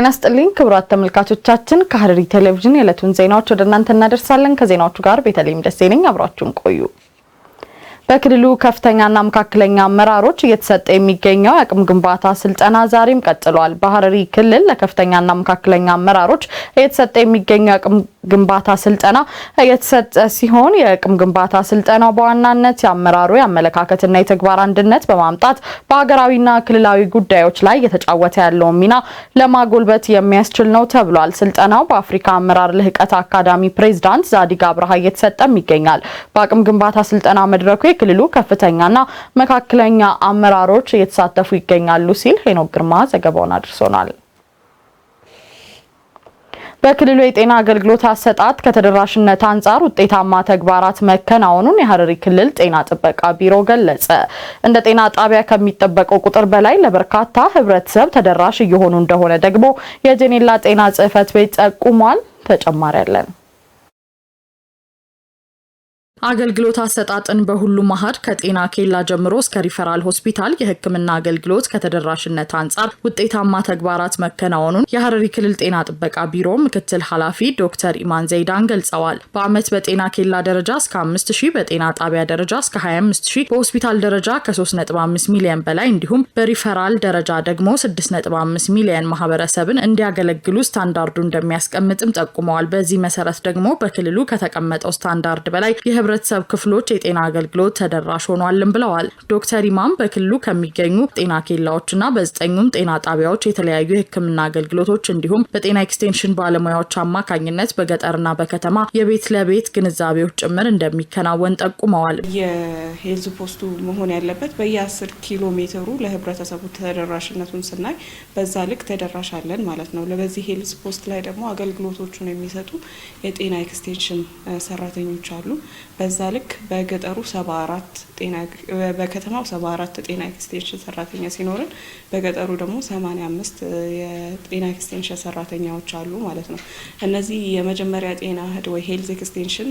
ጤና ስጥልኝ ክቡራት ተመልካቾቻችን፣ ከሐረሪ ቴሌቪዥን የዕለቱን ዜናዎች ወደ እናንተ እናደርሳለን። ከዜናዎቹ ጋር በተለይም ደሴ ነኝ፣ አብራችሁን ቆዩ። በክልሉ ከፍተኛና መካከለኛ አመራሮች እየተሰጠ የሚገኘው የአቅም ግንባታ ስልጠና ዛሬም ቀጥሏል። በሐረሪ ክልል ለከፍተኛና መካከለኛ አመራሮች እየተሰጠ የሚገኘው አቅም ግንባታ ስልጠና እየተሰጠ ሲሆን የአቅም ግንባታ ስልጠናው በዋናነት የአመራሩ የአመለካከትና የተግባር አንድነት በማምጣት በሀገራዊና ክልላዊ ጉዳዮች ላይ እየተጫወተ ያለውን ሚና ለማጎልበት የሚያስችል ነው ተብሏል። ስልጠናው በአፍሪካ አመራር ልህቀት አካዳሚ ፕሬዚዳንት ዛዲግ አብርሃ እየተሰጠም ይገኛል። በአቅም ግንባታ ስልጠና መድረኩ የክልሉ ከፍተኛና መካከለኛ አመራሮች እየተሳተፉ ይገኛሉ ሲል ሄኖክ ግርማ ዘገባውን አድርሶናል። በክልሉ የጤና አገልግሎት አሰጣጥ ከተደራሽነት አንጻር ውጤታማ ተግባራት መከናወኑን የሀረሪ ክልል ጤና ጥበቃ ቢሮ ገለጸ። እንደ ጤና ጣቢያ ከሚጠበቀው ቁጥር በላይ ለበርካታ ህብረተሰብ ተደራሽ እየሆኑ እንደሆነ ደግሞ የጄኔላ ጤና ጽህፈት ቤት ጠቁሟል። ተጨማሪ አለን። አገልግሎት አሰጣጥን በሁሉም አሃድ ከጤና ኬላ ጀምሮ እስከ ሪፈራል ሆስፒታል የሕክምና አገልግሎት ከተደራሽነት አንጻር ውጤታማ ተግባራት መከናወኑን የሐረሪ ክልል ጤና ጥበቃ ቢሮ ምክትል ኃላፊ ዶክተር ኢማን ዘይዳን ገልጸዋል። በዓመት በጤና ኬላ ደረጃ እስከ 5 ሺህ፣ በጤና ጣቢያ ደረጃ እስከ 25 ሺህ፣ በሆስፒታል ደረጃ ከ3.5 ሚሊዮን በላይ እንዲሁም በሪፈራል ደረጃ ደግሞ 6.5 ሚሊዮን ማህበረሰብን እንዲያገለግሉ ስታንዳርዱ እንደሚያስቀምጥም ጠቁመዋል። በዚህ መሰረት ደግሞ በክልሉ ከተቀመጠው ስታንዳርድ በላይ የህብረተሰብ ክፍሎች የጤና አገልግሎት ተደራሽ ሆኗልም ብለዋል። ዶክተር ኢማም በክልሉ ከሚገኙ ጤና ኬላዎችና በዘጠኙም ጤና ጣቢያዎች የተለያዩ የህክምና አገልግሎቶች እንዲሁም በጤና ኤክስቴንሽን ባለሙያዎች አማካኝነት በገጠርና በከተማ የቤት ለቤት ግንዛቤዎች ጭምር እንደሚከናወን ጠቁመዋል። የሄልዝ ፖስቱ መሆን ያለበት በየ10 ኪሎ ሜትሩ ለህብረተሰቡ ተደራሽነቱን ስናይ በዛ ልክ ተደራሽ አለን ማለት ነው። ለበዚህ ሄልዝ ፖስት ላይ ደግሞ አገልግሎቶቹን የሚሰጡ የጤና ኤክስቴንሽን ሰራተኞች አሉ። በዛ ልክ በገጠሩ ሰባ አራት ጤና በከተማው ሰባ አራት ጤና ኤክስቴንሽን ሰራተኛ ሲኖርን በገጠሩ ደግሞ ሰማኒያ አምስት የጤና ኤክስቴንሽን ሰራተኛዎች አሉ ማለት ነው። እነዚህ የመጀመሪያ ጤና ህድ ወይ ሄልዝ ኤክስቴንሽን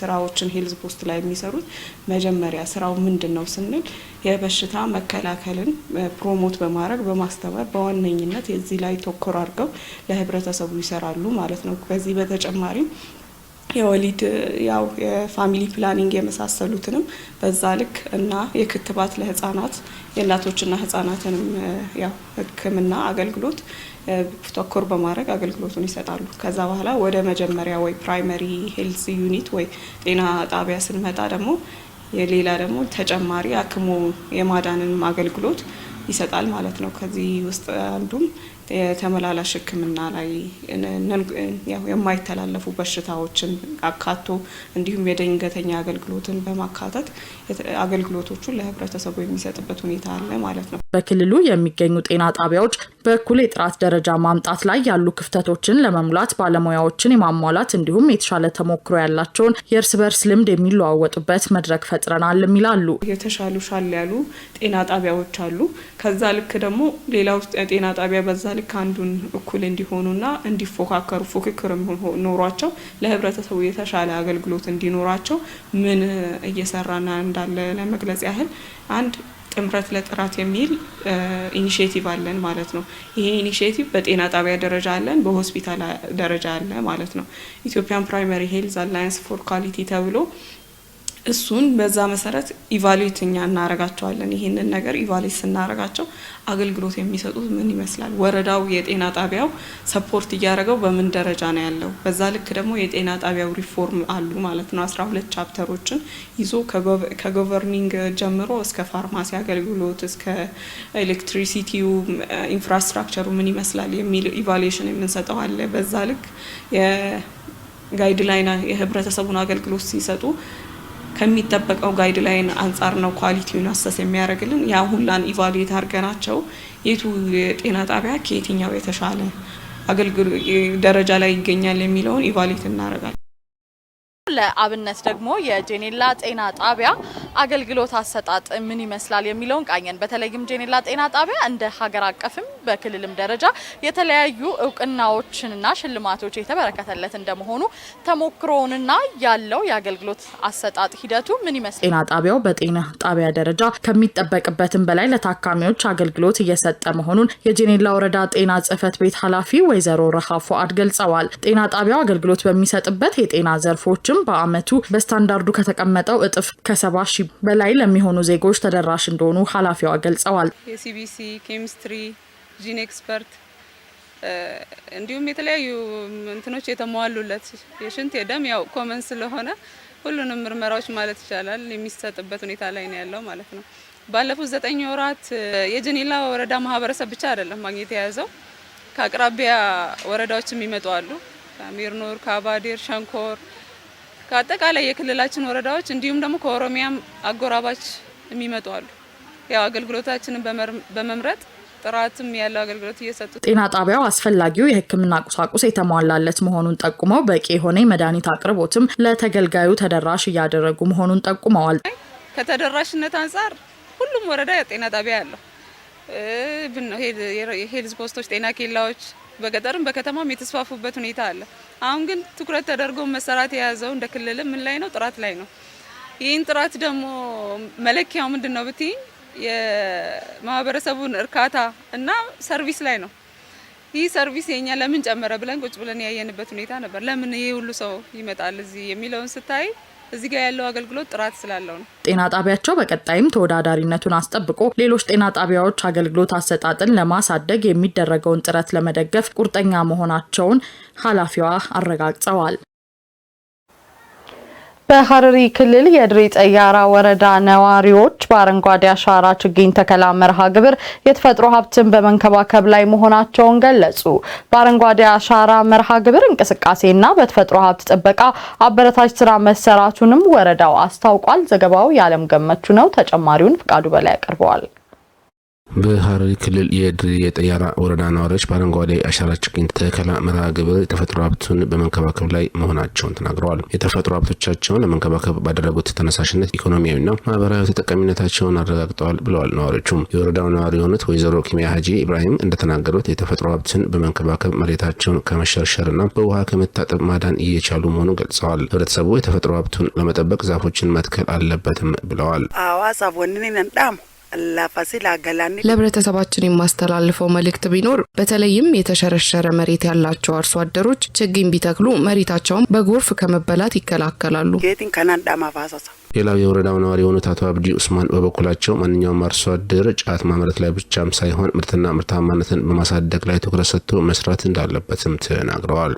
ስራዎችን ሄልዝ ፖስት ላይ የሚሰሩት መጀመሪያ ስራው ምንድን ነው ስንል የበሽታ መከላከልን ፕሮሞት በማድረግ በማስተማር በዋነኝነት የዚህ ላይ ተኮር አድርገው ለህብረተሰቡ ይሰራሉ ማለት ነው። በዚህ በተጨማሪም የወሊድ ያው የፋሚሊ ፕላኒንግ የመሳሰሉትንም በዛ ልክ እና የክትባት ለህጻናት የእናቶችና ህጻናትንም ያው ህክምና አገልግሎት ተኮር በማድረግ አገልግሎቱን ይሰጣሉ። ከዛ በኋላ ወደ መጀመሪያ ወይ ፕራይመሪ ሄልዝ ዩኒት ወይ ጤና ጣቢያ ስንመጣ ደግሞ የሌላ ደግሞ ተጨማሪ አክሞ የማዳንንም አገልግሎት ይሰጣል ማለት ነው። ከዚህ ውስጥ አንዱም የተመላላሽ ሕክምና ላይ የማይተላለፉ በሽታዎችን አካቶ እንዲሁም የድንገተኛ አገልግሎትን በማካተት አገልግሎቶቹን ለህብረተሰቡ የሚሰጥበት ሁኔታ አለ ማለት ነው። በክልሉ የሚገኙ ጤና ጣቢያዎች በእኩል የጥራት ደረጃ ማምጣት ላይ ያሉ ክፍተቶችን ለመሙላት ባለሙያዎችን የማሟላት እንዲሁም የተሻለ ተሞክሮ ያላቸውን የእርስ በርስ ልምድ የሚለዋወጡበት መድረክ ፈጥረናልም ይላሉ። የተሻሉ ሻል ያሉ ጤና ጣቢያዎች አሉ። ከዛ ልክ ደግሞ ሌላ ውስጥ ጤና ጣቢያ በዛ ልክ አንዱን እኩል እንዲሆኑና እንዲፎካከሩ ፉክክር ኖሯቸው ለህብረተሰቡ የተሻለ አገልግሎት እንዲኖራቸው ምን እየሰራና እንዳለ ለመግለጽ ያህል አንድ ጥምረት ለጥራት የሚል ኢኒሽቲቭ አለን ማለት ነው። ይሄ ኢኒሽቲቭ በጤና ጣቢያ ደረጃ አለን፣ በሆስፒታል ደረጃ አለ ማለት ነው። ኢትዮጵያን ፕራይመሪ ሄልዝ አላያንስ ፎር ኳሊቲ ተብሎ እሱን በዛ መሰረት ኢቫሉዌት እኛ እናረጋቸዋለን። ይህንን ነገር ኢቫሉዌት ስናረጋቸው አገልግሎት የሚሰጡት ምን ይመስላል፣ ወረዳው የጤና ጣቢያው ሰፖርት እያደረገው በምን ደረጃ ነው ያለው፣ በዛ ልክ ደግሞ የጤና ጣቢያው ሪፎርም አሉ ማለት ነው። አስራ ሁለት ቻፕተሮችን ይዞ ከጎቨርኒንግ ጀምሮ እስከ ፋርማሲ አገልግሎት እስከ ኤሌክትሪሲቲው ኢንፍራስትራክቸሩ ምን ይመስላል የሚል ኢቫሉዌሽን የምንሰጠው አለ። በዛ ልክ የጋይድላይን የህብረተሰቡን አገልግሎት ሲሰጡ ከሚጠበቀው ጋይድ ላይን አንጻር ነው ኳሊቲውን አሰስ የሚያደርግልን። ያ ሁላን ኢቫሉዌት አድርገናቸው የቱ የጤና ጣቢያ ከየትኛው የተሻለ አገልግሎ ደረጃ ላይ ይገኛል የሚለውን ኢቫሉዌት እናደርጋለን። ለአብነት ደግሞ የጄኔላ ጤና ጣቢያ አገልግሎት አሰጣጥ ምን ይመስላል የሚለውን ቃኘን። በተለይም ጄኔላ ጤና ጣቢያ እንደ ሀገር አቀፍም በክልልም ደረጃ የተለያዩ እውቅናዎችንና ሽልማቶች የተበረከተለት እንደመሆኑ ተሞክሮውንና ያለው የአገልግሎት አሰጣጥ ሂደቱ ምን ይመስላል? ጤና ጣቢያው በጤና ጣቢያ ደረጃ ከሚጠበቅበትም በላይ ለታካሚዎች አገልግሎት እየሰጠ መሆኑን የጄኔላ ወረዳ ጤና ጽህፈት ቤት ኃላፊ ወይዘሮ ረሃ ፉአድ ገልጸዋል። ጤና ጣቢያው አገልግሎት በሚሰጥበት የጤና ዘርፎችም በአመቱ በስታንዳርዱ ከተቀመጠው እጥፍ ከሰባ ሺህ በላይ ለሚሆኑ ዜጎች ተደራሽ እንደሆኑ ኃላፊዋ ገልጸዋል። የሲቢሲ ኬሚስትሪ፣ ጂን ኤክስፐርት እንዲሁም የተለያዩ እንትኖች የተሟሉለት የሽንት የደም ያው ኮመን ስለሆነ ሁሉንም ምርመራዎች ማለት ይቻላል የሚሰጥበት ሁኔታ ላይ ነው ያለው ማለት ነው። ባለፉት ዘጠኝ ወራት የጀኔላ ወረዳ ማህበረሰብ ብቻ አይደለም ማግኘት የያዘው ከአቅራቢያ ወረዳዎች የሚመጡ አሉ። ከሚርኖር፣ ከአባዴር፣ ሸንኮር ከአጠቃላይ የክልላችን ወረዳዎች እንዲሁም ደግሞ ከኦሮሚያም አጎራባች የሚመጡ አሉ። ያው አገልግሎታችንን በመምረጥ ጥራትም ያለው አገልግሎት እየሰጡ ጤና ጣቢያው አስፈላጊው የሕክምና ቁሳቁስ የተሟላለት መሆኑን ጠቁመው በቂ የሆነ የመድኃኒት አቅርቦትም ለተገልጋዩ ተደራሽ እያደረጉ መሆኑን ጠቁመዋል። ከተደራሽነት አንጻር ሁሉም ወረዳ ጤና ጣቢያ ያለው ሄልዝ ፖስቶች፣ ጤና ኬላዎች በገጠርም በከተማም የተስፋፉበት ሁኔታ አለ። አሁን ግን ትኩረት ተደርጎ መሰራት የያዘው እንደ ክልል ምን ላይ ነው? ጥራት ላይ ነው። ይህን ጥራት ደግሞ መለኪያው ምንድን ነው ብትይ የማህበረሰቡን እርካታ እና ሰርቪስ ላይ ነው። ይህ ሰርቪስ የኛ ለምን ጨመረ ብለን ቁጭ ብለን ያየንበት ሁኔታ ነበር። ለምን ይህ ሁሉ ሰው ይመጣል እዚህ የሚለውን ስታይ እዚህ ጋር ያለው አገልግሎት ጥራት ስላለው ነው። ጤና ጣቢያቸው በቀጣይም ተወዳዳሪነቱን አስጠብቆ ሌሎች ጤና ጣቢያዎች አገልግሎት አሰጣጥን ለማሳደግ የሚደረገውን ጥረት ለመደገፍ ቁርጠኛ መሆናቸውን ኃላፊዋ አረጋግጠዋል። በሐረሪ ክልል የድሬ ጠያራ ወረዳ ነዋሪዎች በአረንጓዴ አሻራ ችግኝ ተከላ መርሃ ግብር የተፈጥሮ ሀብትን በመንከባከብ ላይ መሆናቸውን ገለጹ። በአረንጓዴ አሻራ መርሃ ግብር እንቅስቃሴና በተፈጥሮ ሀብት ጥበቃ አበረታች ስራ መሰራቱንም ወረዳው አስታውቋል። ዘገባው የዓለም ገመቹ ነው። ተጨማሪውን ፍቃዱ በላይ ያቀርበዋል። በሐረሪ ክልል የድ የጠያራ ወረዳ ነዋሪዎች በአረንጓዴ አሻራ ችግኝ ተከላ መርሃ ግብር የተፈጥሮ ሀብቱን በመንከባከብ ላይ መሆናቸውን ተናግረዋል። የተፈጥሮ ሀብቶቻቸውን ለመንከባከብ ባደረጉት ተነሳሽነት ኢኮኖሚያዊና ማህበራዊ ተጠቃሚነታቸውን አረጋግጠዋል ብለዋል ነዋሪዎቹም። የወረዳው ነዋሪ የሆኑት ወይዘሮ ኪሚያ ሀጂ ኢብራሂም እንደተናገሩት የተፈጥሮ ሀብትን በመንከባከብ መሬታቸውን ከመሸርሸርና በውሃ ከመታጠብ ማዳን እየቻሉ መሆኑን ገልጸዋል። ህብረተሰቡ የተፈጥሮ ሀብቱን ለመጠበቅ ዛፎችን መትከል አለበትም ብለዋል። አዋ ለህብረተሰባችን የማስተላልፈው መልእክት ቢኖር በተለይም የተሸረሸረ መሬት ያላቸው አርሶ አደሮች ችግኝ ቢተክሉ መሬታቸውን በጎርፍ ከመበላት ይከላከላሉ። ሌላው የወረዳው ነዋሪ የሆኑት አቶ አብዲ ኡስማን በበኩላቸው ማንኛውም አርሶ አደር ጫት ማምረት ላይ ብቻም ሳይሆን ምርትና ምርታማነትን በማሳደግ ላይ ትኩረት ሰጥቶ መስራት እንዳለበትም ተናግረዋል።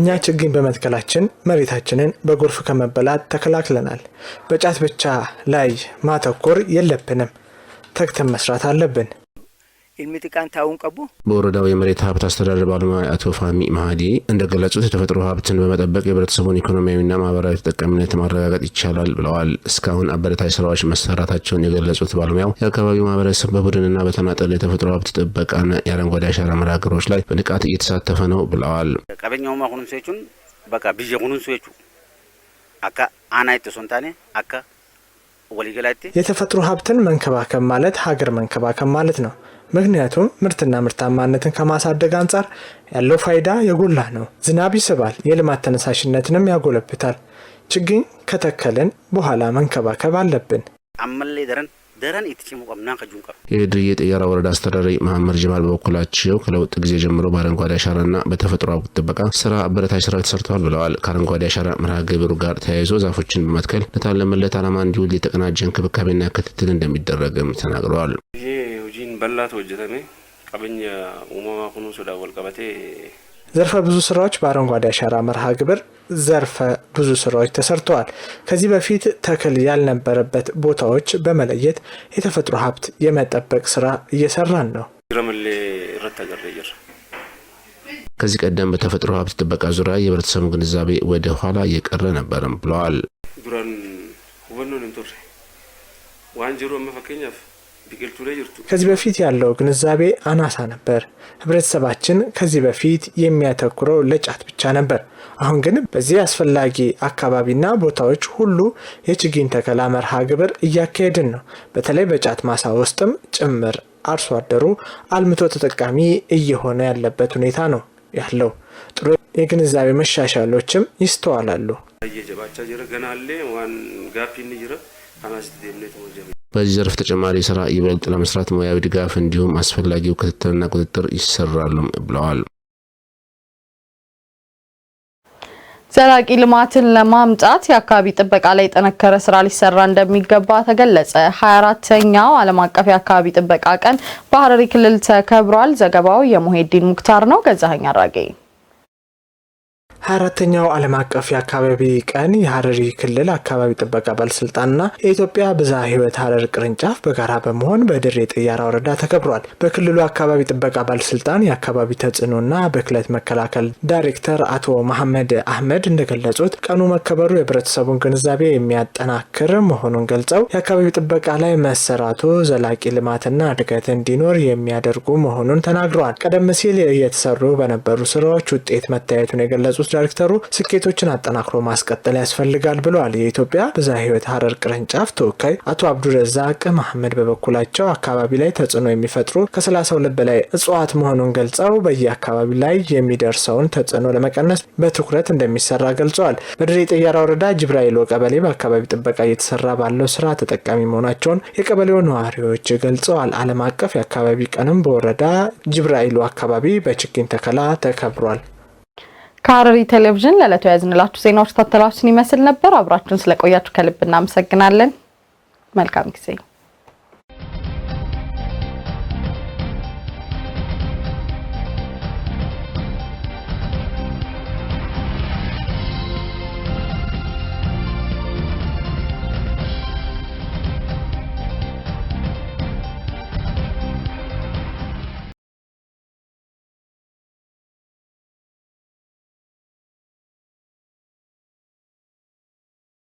እኛ ችግኝ በመትከላችን መሬታችንን በጎርፍ ከመበላት ተከላክለናል። በጫት ብቻ ላይ ማተኮር የለብንም፣ ተግተን መስራት አለብን። ኢልሚጥቃን ታውን ቀቡ በወረዳው የመሬት ሀብት አስተዳደር ባለሙያ አቶ ፋሚ ማህዲ እንደገለጹት የተፈጥሮ ሀብትን በመጠበቅ የህብረተሰቡን ኢኮኖሚያዊና ማህበራዊ ተጠቃሚነት ማረጋገጥ ይቻላል ብለዋል። እስካሁን አበረታች ስራዎች መሰራታቸውን የገለጹት ባለሙያው የአካባቢው ማህበረሰብ በቡድንና በተናጠል የተፈጥሮ ሀብት ጥበቃና የአረንጓዴ አሻራ መርሃ ግብሮች ላይ በንቃት እየተሳተፈ ነው ብለዋል። ቀበኛውም አሁኑም ሴቹን በቃ ብዬ ሁኑን ሴቹ አካ አናይት ሶንታኔ አካ ወሊገላይቴ የተፈጥሮ ሀብትን መንከባከብ ማለት ሀገር መንከባከብ ማለት ነው። ምክንያቱም ምርትና ምርታማነትን ከማሳደግ አንጻር ያለው ፋይዳ የጎላ ነው። ዝናብ ይስባል፣ የልማት ተነሳሽነትንም ያጎለብታል። ችግኝ ከተከልን በኋላ መንከባከብ አለብን። አመሌ ደረን ወረዳ አስተዳዳሪ መሐመድ ጀማል በበኩላቸው ከለውጥ ጊዜ ጀምሮ በአረንጓዴ አሻራና በተፈጥሮ ሀብት ጥበቃ ስራ አበረታች ስራ ተሰርተዋል ብለዋል። ከአረንጓዴ አሻራ መርሃ ግብሩ ጋር ተያይዞ ዛፎችን በመትከል ለታለመለት ዓላማ እንዲውል የተቀናጀ እንክብካቤና ክትትል እንደሚደረግም ተናግረዋል። ይሄ በላት ወጀተሜ ቀበኛ uumamaa kunuun sodaan wal ዘርፈ ብዙ ስራዎች በአረንጓዴ አሻራ መርሃ ግብር ዘርፈ ብዙ ስራዎች ተሰርተዋል። ከዚህ በፊት ተክል ያልነበረበት ቦታዎች በመለየት የተፈጥሮ ሀብት የመጠበቅ ስራ እየሰራን ነው። ከዚህ ቀደም በተፈጥሮ ሀብት ጥበቃ ዙሪያ የህብረተሰቡ ግንዛቤ ወደ ኋላ እየቀረ ነበርም ብለዋል። መፈከኛፍ ከዚህ በፊት ያለው ግንዛቤ አናሳ ነበር። ህብረተሰባችን ከዚህ በፊት የሚያተኩረው ለጫት ብቻ ነበር። አሁን ግን በዚህ አስፈላጊ አካባቢና ቦታዎች ሁሉ የችግኝ ተከላ መርሃ ግብር እያካሄድን ነው። በተለይ በጫት ማሳ ውስጥም ጭምር አርሶ አደሩ አልምቶ ተጠቃሚ እየሆነ ያለበት ሁኔታ ነው ያለው። ጥሩ የግንዛቤ መሻሻሎችም ይስተዋላሉ። በዚህ ዘርፍ ተጨማሪ ስራ ይበልጥ ለመስራት ሙያዊ ድጋፍ እንዲሁም አስፈላጊው ክትትልና ቁጥጥር ይሰራሉም ብለዋል። ዘላቂ ልማትን ለማምጣት የአካባቢ ጥበቃ ላይ የጠነከረ ስራ ሊሰራ እንደሚገባ ተገለጸ። 24ተኛው ዓለም አቀፍ የአካባቢ ጥበቃ ቀን በሐረሪ ክልል ተከብሯል። ዘገባው የሙሄዲን ሙክታር ነው። ገዛኸኝ አራጌ አራተኛው ዓለም አቀፍ የአካባቢ ቀን የሀረሪ ክልል አካባቢ ጥበቃ ባለስልጣንና የኢትዮጵያ ብዝሃ ሕይወት ሀረር ቅርንጫፍ በጋራ በመሆን በድሬ ጥያራ ወረዳ ተከብሯል። በክልሉ አካባቢ ጥበቃ ባለስልጣን የአካባቢ ተጽዕኖና ብክለት መከላከል ዳይሬክተር አቶ መሐመድ አህመድ እንደገለጹት ቀኑ መከበሩ የህብረተሰቡን ግንዛቤ የሚያጠናክር መሆኑን ገልጸው የአካባቢ ጥበቃ ላይ መሰራቱ ዘላቂ ልማትና እድገት እንዲኖር የሚያደርጉ መሆኑን ተናግረዋል። ቀደም ሲል እየተሰሩ በነበሩ ስራዎች ውጤት መታየቱን የገለጹት ዳይሬክተሩ ስኬቶችን አጠናክሮ ማስቀጠል ያስፈልጋል ብለዋል። የኢትዮጵያ ብዝሃ ሕይወት ሀረር ቅርንጫፍ ተወካይ አቶ አብዱረዛቅ መሐመድ በበኩላቸው አካባቢ ላይ ተጽዕኖ የሚፈጥሩ ከሰላሳ ሁለት በላይ እጽዋት መሆኑን ገልጸው በየአካባቢ ላይ የሚደርሰውን ተጽዕኖ ለመቀነስ በትኩረት እንደሚሰራ ገልጸዋል። በድሬ ጠያራ ወረዳ ጅብራኤሎ ቀበሌ በአካባቢ ጥበቃ እየተሰራ ባለው ስራ ተጠቃሚ መሆናቸውን የቀበሌው ነዋሪዎች ገልጸዋል። ዓለም አቀፍ የአካባቢ ቀንም በወረዳ ጅብራኤሎ አካባቢ በችግኝ ተከላ ተከብሯል። ከሐረሪ ቴሌቪዥን ለዕለቱ የያዝንላችሁ ዜናዎች ታተላችሁን ይመስል ነበር። አብራችሁን ስለቆያችሁ ከልብ እናመሰግናለን። መልካም ጊዜ